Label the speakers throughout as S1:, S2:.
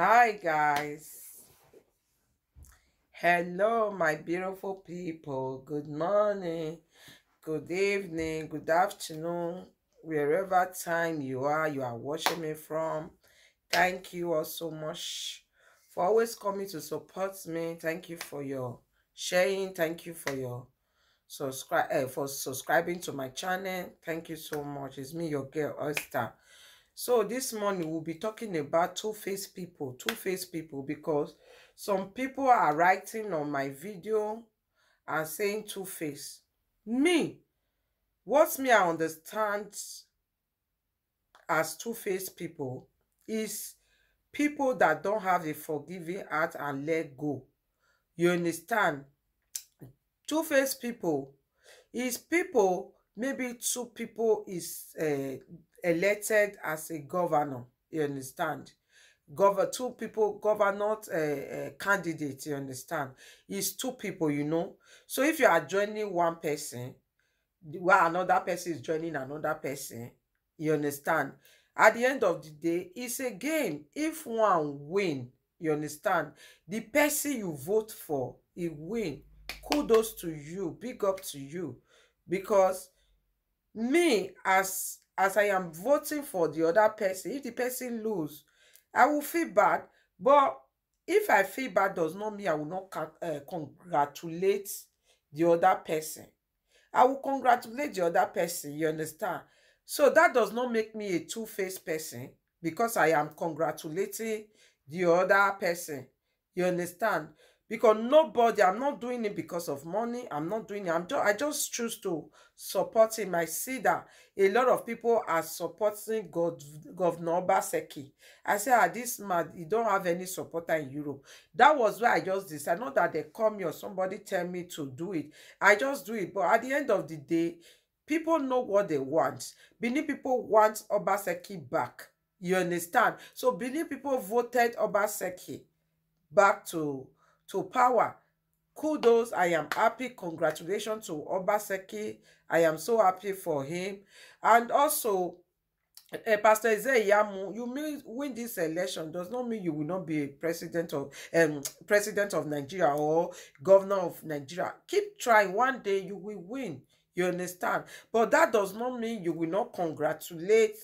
S1: Hi, guys. Hello, my beautiful people. Good morning, good evening, good afternoon. Wherever time you are, you are watching me from. Thank you all so much for always coming to support me. Thank you for your sharing. Thank you for your subscribe uh, for subscribing to my channel. Thank you so much. It's me, your girl, Oyster. So this morning we'll be talking about two-faced people, two-faced people because some people are writing on my video and saying two-faced. Me, what me I understand as two-faced people is people that don't have a forgiving heart and let go. You understand? Two-faced people is people maybe two people is uh, elected as a governor you understand govern two people governor uh, uh, candidate you understand is two people you know so if you are joining one person while another person is joining another person you understand at the end of the day it's a game if one win you understand the person you vote for he win kudos to you big up to you because me as as i am voting for the other person if the person lose i will feel bad but if i feel bad does not mean i will not uh, congratulate the other person i will congratulate the other person you understand so that does not make me a two-faced person because i am congratulating the other person you understand because nobody i'm not doing it because of money i'm not doing it i'm just i just choose to support him i see that a lot of people are supporting god governor Obaseki i say ah this man he don't have any supporter in europe that was why i just decided not that they call me or somebody tell me to do it i just do it but at the end of the day people know what they want Benin people want Obaseki back you understand so Benin people voted Obaseki back to to power. Kudos, I am happy. Congratulations to Obaseki. I am so happy for him. And also, uh, Pastor Ezeyamu, you may win this election does not mean you will not be a president of um president of Nigeria or governor of Nigeria. Keep trying. One day you will win. You understand? But that does not mean you will not congratulate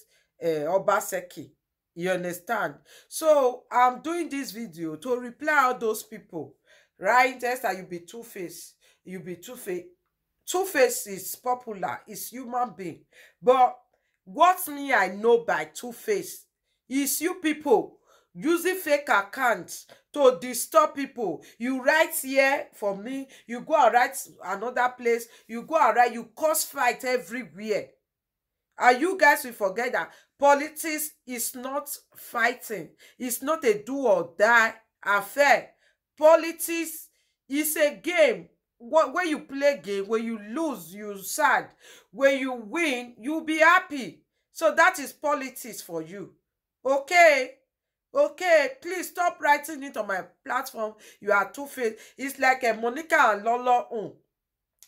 S1: uh, Obaseki you understand so i'm doing this video to reply all those people right that you be two-faced you be two-faced two-faced is popular It's human being but what me i know by two-faced is you people using fake accounts to disturb people you write here for me you go and write another place you go and write you cause fight everywhere Are you guys will forget that Politics is not fighting. It's not a do or die affair. Politics is a game. When you play game, when you lose, you sad. When you win, you be happy. So that is politics for you. Okay? Okay, please stop writing it on my platform. You are too fake. It's like a Monica and Lolo. Mm.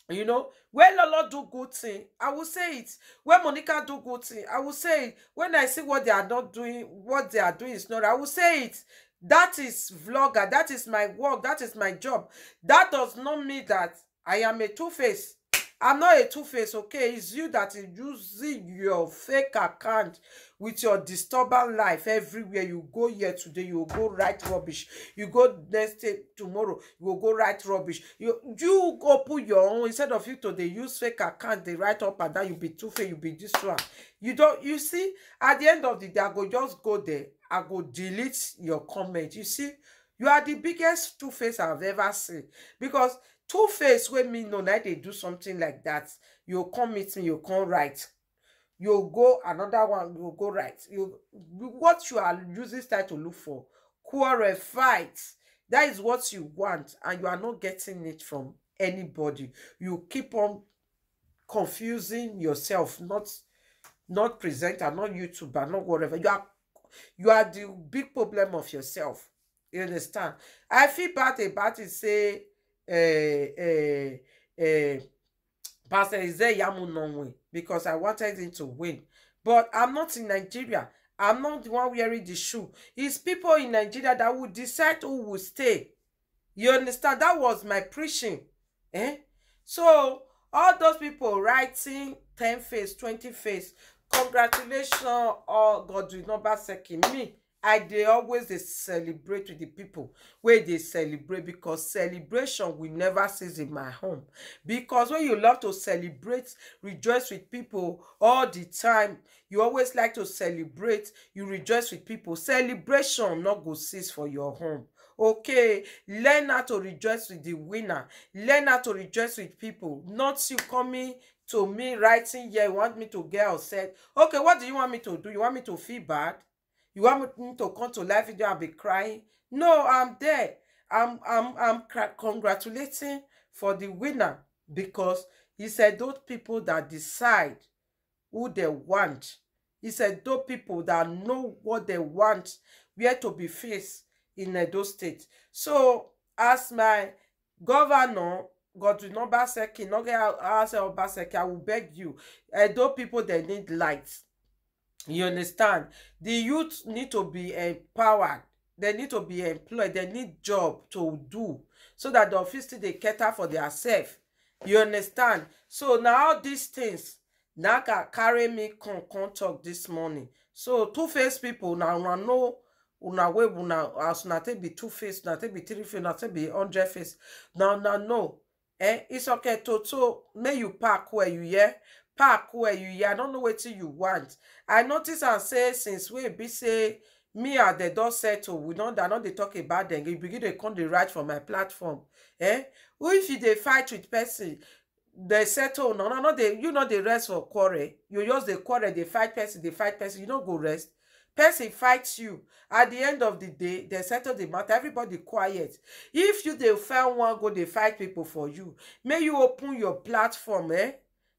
S1: You know, when Lolo do good thing, I will say it. When Monica do good thing, I will say it. When I see what they are not doing, what they are doing is not, I will say it. That is vlogger. That is my work. That is my job. That does not mean that I am a two-face. I'm not a two-face, okay? It's you that is using your fake account with your disturbing life everywhere. You go here today, you go write rubbish. You go next day tomorrow, you go write rubbish. You you go put your own instead of you today use fake account, they write up and then you be two-face, you be this one. You don't you see at the end of the day, I go just go there, I go delete your comment. You see, you are the biggest two-face I've ever seen because two face wey me know na dey do something like that. you come meet me you come right you go another one you go right you what you are using style to look for quarrel fight that is what you want and you are not getting it from anybody you keep on confusing yourself not not presenter not youtuber not whatever you are you are the big problem of yourself you understand i feel bad about it say Uh uh uh. Pastor Izeyamu Nonwe because I wanted him to win. But I'm not in Nigeria. I'm not the one wearing the shoe. It's people in Nigeria that will decide who will stay. You understand? That was my preaching. Eh? So, all those people writing 10 face, 20 face, congratulations, oh God will not back second me i dey always dey celebrate with the people wey dey celebrate because celebration will never cease in my home because when you love to celebrate rejoice with people all the time you always like to celebrate you rejoice with people celebration no go cease for your home okay learn how to rejoice with the winner learn how to rejoice with people not you coming to me writing here you want me to get upset okay what do you want me to do you want me to feel bad You want me to come to live video and be crying? No, I'm there. I'm I'm I'm congratulating for the winner because he said those people that decide who they want. He said those people that know what they want, where to be faced in those states. So as my governor, Godwin Obaseki, Noge Obaseki, I will beg you, Those people, they need lights. You understand? The youth need to be empowered. They need to be employed. They need job to do so that the office they cater for themselves. You understand? So now all these things now can carry me come come talk this morning. So two-faced people now una know una wey una as una be two-faced, una be three-faced, una be hundred faced Now now know. Eh? It's okay to so make you park where you hear, park where eh, you here i no know what you want i notice am say since we be say me and the door settle we don't. i don't. dey talk about dem You begin to come the right for my platform eh who if you dey fight with person they settle no no no They you know they rest for quarrel you just the quarrel They fight person They fight person you don't go rest person fights you at the end of the day they settle the matter everybody quiet if you dey find one go they fight people for you May you open your platform eh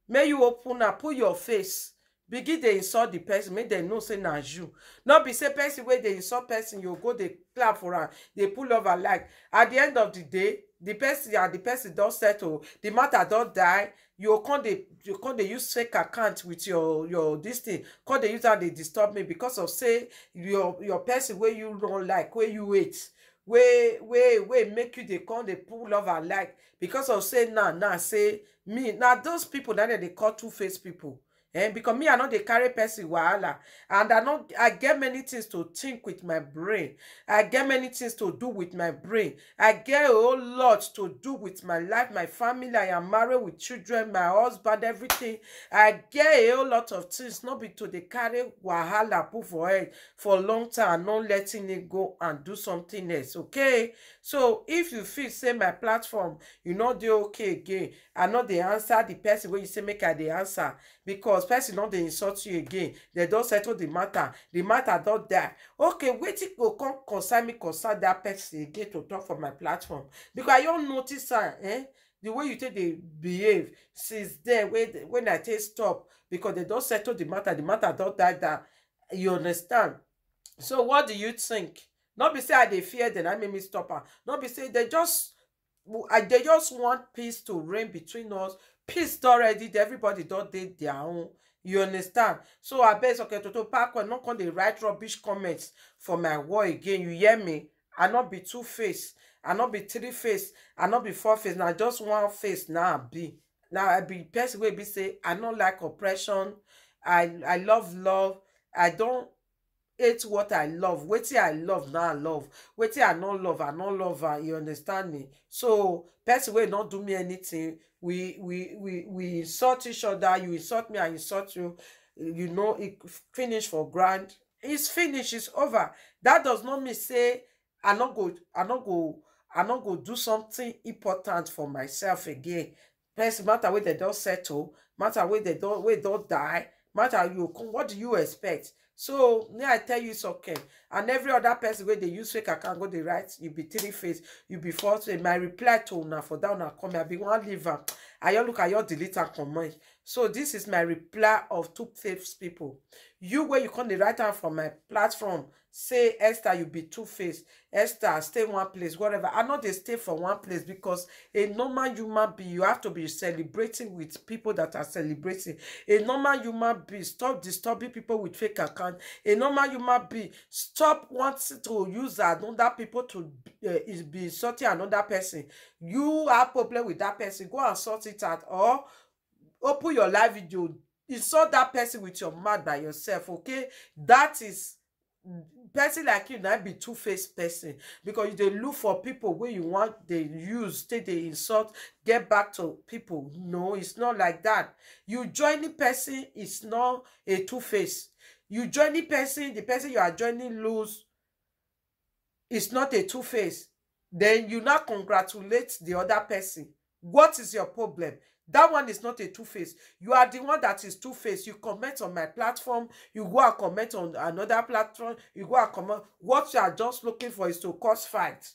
S1: May you open up put your face begin dey insult the person May they know say na you no be say person where they insult person you go dey clap for am They pull over like at the end of the day the person and the person don't settle The matter don't die you con dey you con dey use fake account with your your this thing con dey use am dey disturb me because of say your your person where you don't like where you hate wey wey wey make you dey come dey pull love and like because of say now now say me na those people, na dem dey call two face people eh, because me i know they carry person wahala and i know i get many things to think with my brain i get many things to do with my brain i get a whole lot to do with my life my family i am married with children my husband everything i get a whole lot of things not be to dey carry wahala put for head for long time not letting it go and do something else okay so if you feel say my platform you know dey okay again i know dey answer the person when you say make i the answer because because person don dey insult you again dem don settle the matter the matter don die okay wetin go come concern me concern dat person again to talk for my platform because i don notice am eh the way you take dey behave since then when when i take stop because dem don settle the matter the matter don die down you understand so what do you think no be say i dey fear dem that make me stop am no be say dem just i dey just want peace to reign between us pissed already everybody don dey their own you understand so I abeg soke toto parkour no come dey write rubbish comments for my wall again you hear me i not be two face i not be three face i not be four face Now just one face Now i be Now i be person wey be say i no like oppression i i love love i don't hate what i love wetin i love na i love wetin i no love i no love am you understand me so person wey no do me anything we we we we insult each other you insult me i insult you you know e finish for ground it's finish it's over that does not mean say i no go i no go i no go do something important for myself again person matter wey dem don settle matter wey dem don wey don die matter you come. what do you expect so me i tell you it's okay and every other person wey they use fake account go dey write you be three face you be false. face my reply to now for down una come i be one liver. I ayo look ayo delete am comment. so this is my reply of two face people you where you come the right hand from my platform say esther you be two faced esther stay one place whatever i no dey stay for one place because a normal human being you have to be celebrating with people that are celebrating a normal human being stop disturbing people with fake account a normal human being stop wanting to use another people to uh, be insulting another person you have problem with that person go and sort it out or open your live video insult that person with your mouth by yourself okay that is person like you na be two-faced person because you dey look for people wey you wan dey use take dey insult get back to people no it's not like that you joining person is not a two-face you joining person the person you are joining lose is not a two-face then you now congratulate the other person what is your problem That one is not a two face. You are the one that is two face. You comment on my platform, you go and comment on another platform, you go and comment. What you are just looking for is to cause fight,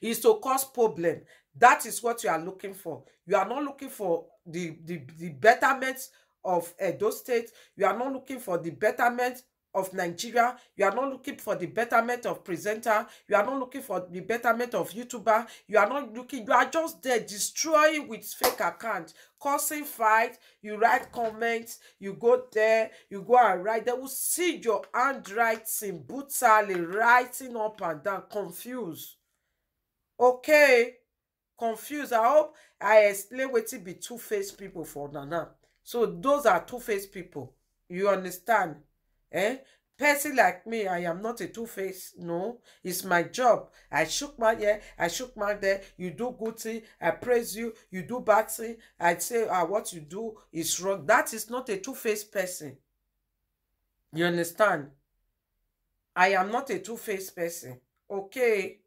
S1: is to cause problem. That is what you are looking for. You are not looking for the, the, the betterment of Edo State. You are not looking for the betterment of Nigeria. You are not looking for the betterment of presenter. You are not looking for the betterment of YouTuber. You are not looking. You are just there destroying with fake account, causing fight. You write comments. You go there. You go and write. They will see your handwriting brutally, writing up and down, confused. Okay, confused. I hope I explain it be two-faced people for Nana. So those are two-faced people. You understand? Eh? Person like me, I am not a two faced No, it's my job. I shook my here, I shook my there. You do good thing, I praise you. You do bad thing, I say ah, what you do is wrong. That is not a two-faced person. You understand? I am not a two-faced person. Okay.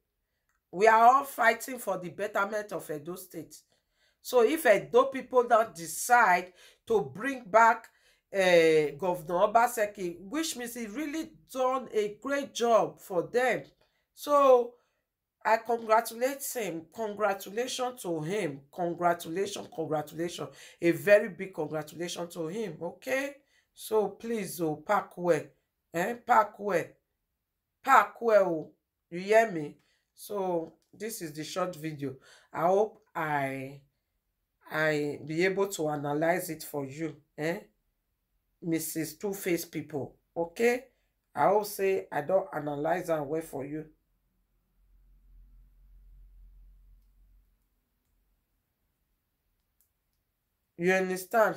S1: We are all fighting for the betterment of Edo State. So if Edo people don't decide to bring back uh, Governor Obaseki, which means he really done a great job for them. So I congratulate him. Congratulations to him. Congratulations, congratulations. A very big congratulation to him. Okay? So please, oh, park well. Eh? Park well. Park well. Oh. You hear me? So this is the short video. I hope I I be able to analyze it for you. Eh? mrs two-face people, okay i will say i don't analyze and wait for you you understand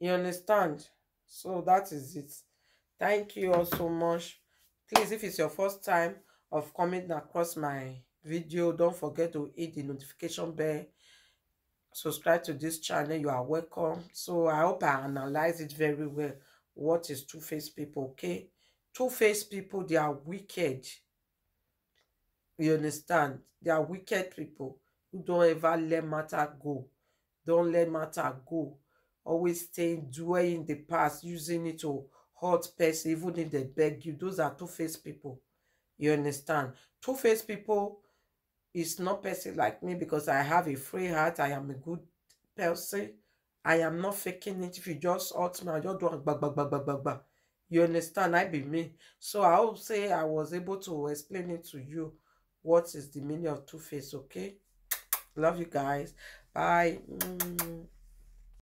S1: you understand so that is it thank you all so much please if it's your first time of coming across my video don't forget to hit the notification bell subscribe to this channel you are welcome so i hope i analyze it very well what is two-faced people okay two-faced people they are wicked you understand they are wicked people who don't ever let matter go don't let matter go always staying dwelling in the past using it to hurt person even if they beg you those are two-faced people you understand two-faced people is not person like me because I have a free heart. I am a good person. I am not faking it. If you just hurt me, I just do bag, bag, bag, bag, bag, bag. You understand? I be me. So I will say I was able to explain it to you. What is the meaning of two-face, okay? Love you guys. Bye. Mm.